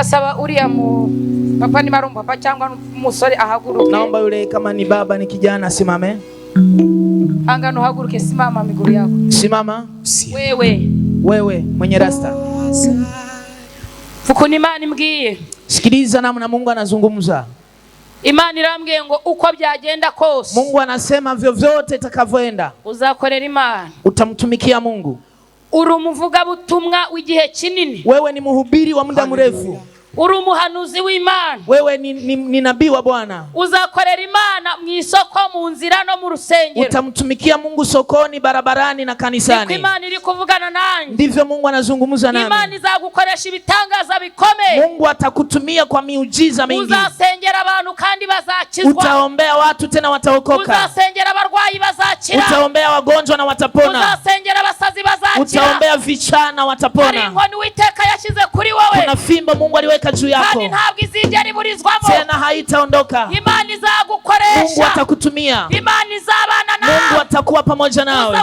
ndasaba uriya mu papa ni marumba papa cyangwa umusore ahaguruke naomba yule kama ni baba ni kijana asimame angano haguruke simama miguru yako simama wewe wewe mwenye rasta fukuni imani mbwiye sikiliza namna Mungu anazungumza Imani irambwiye ngo uko byagenda kose Mungu anasema vyovyote itakavyoenda uzakorera Imana utamtumikia Mungu uri umuvugabutumwa w'igihe kinini wewe ni muhubiri wa muda mrefu uri umuhanuzi w'imana wewe ni, ni, ni nabii wa Bwana. Uzakorera Imana mu isoko mu nzira no mu rusengero, utamtumikia Mungu sokoni, barabarani na kanisani. Ndiko Imana ili kuvugana nanyi, ndivyo Mungu anazungumza nami. Imana izagukoresha ibitangaza bikomeye, Mungu atakutumia kwa miujiza mingi. Uzasengera abantu kandi bazakizwa, utaombea watu tena wataokoka. Uzasengera abarwayi bazakira, utaombea wagonjwa na watapona utaombea vichana watapona. Kuna fimbo Mungu aliweka juu yako, tena haitaondoka. Mungu atakutumia, Mungu atakuwa pamoja nawe.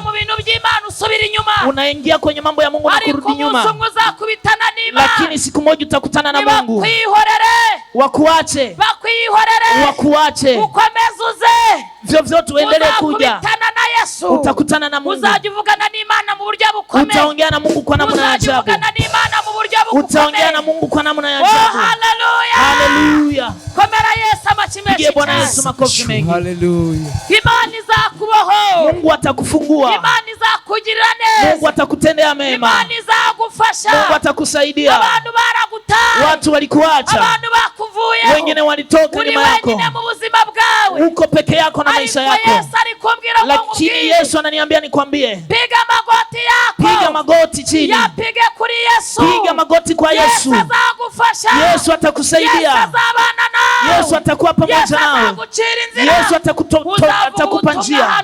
Unaingia kwenye mambo ya Mungu na kurudi nyuma, lakini siku moja utakutana na Mungu. Wakuache, wakuache, vyovyote uendelee kuja Yesu. Utakutana na Mungu. Uzajivugana n'Imana mu buryo bukomeye. Utaongea na Mungu kwa namna ya ajabu. Uzajivugana n'Imana mu buryo bukomeye. Utaongea na Mungu kwa namna ya ajabu. Oh, hallelujah. Hallelujah. Komera Yesu amachi mengi. Pigie Bwana Yesu makofi mengi. Hallelujah. Imani za kuboho. Mungu atakufungua. Imani za kujirane. Mungu atakutendea mema. Imani za kufasha. Mungu atakusaidia. Abantu baragu watu walikuacha, wengine walitoka nyuma yako, uko peke yako na maisha yako, lakini Yesu ananiambia nikwambie, piga magoti yako, piga magoti chini, piga magoti kwa Yesu. Yesu atakusaidia, Yesu atakuwa pamoja nawe, Yesu atakupa njia,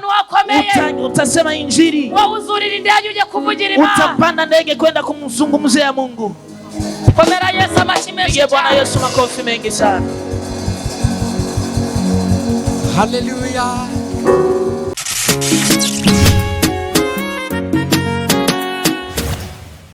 utasema Injili, utapanda ndege kwenda kumzungumzia Mungu. Komera Yesu amashi menshi ye Bwana Yesu makofi mengi sana. Haleluya.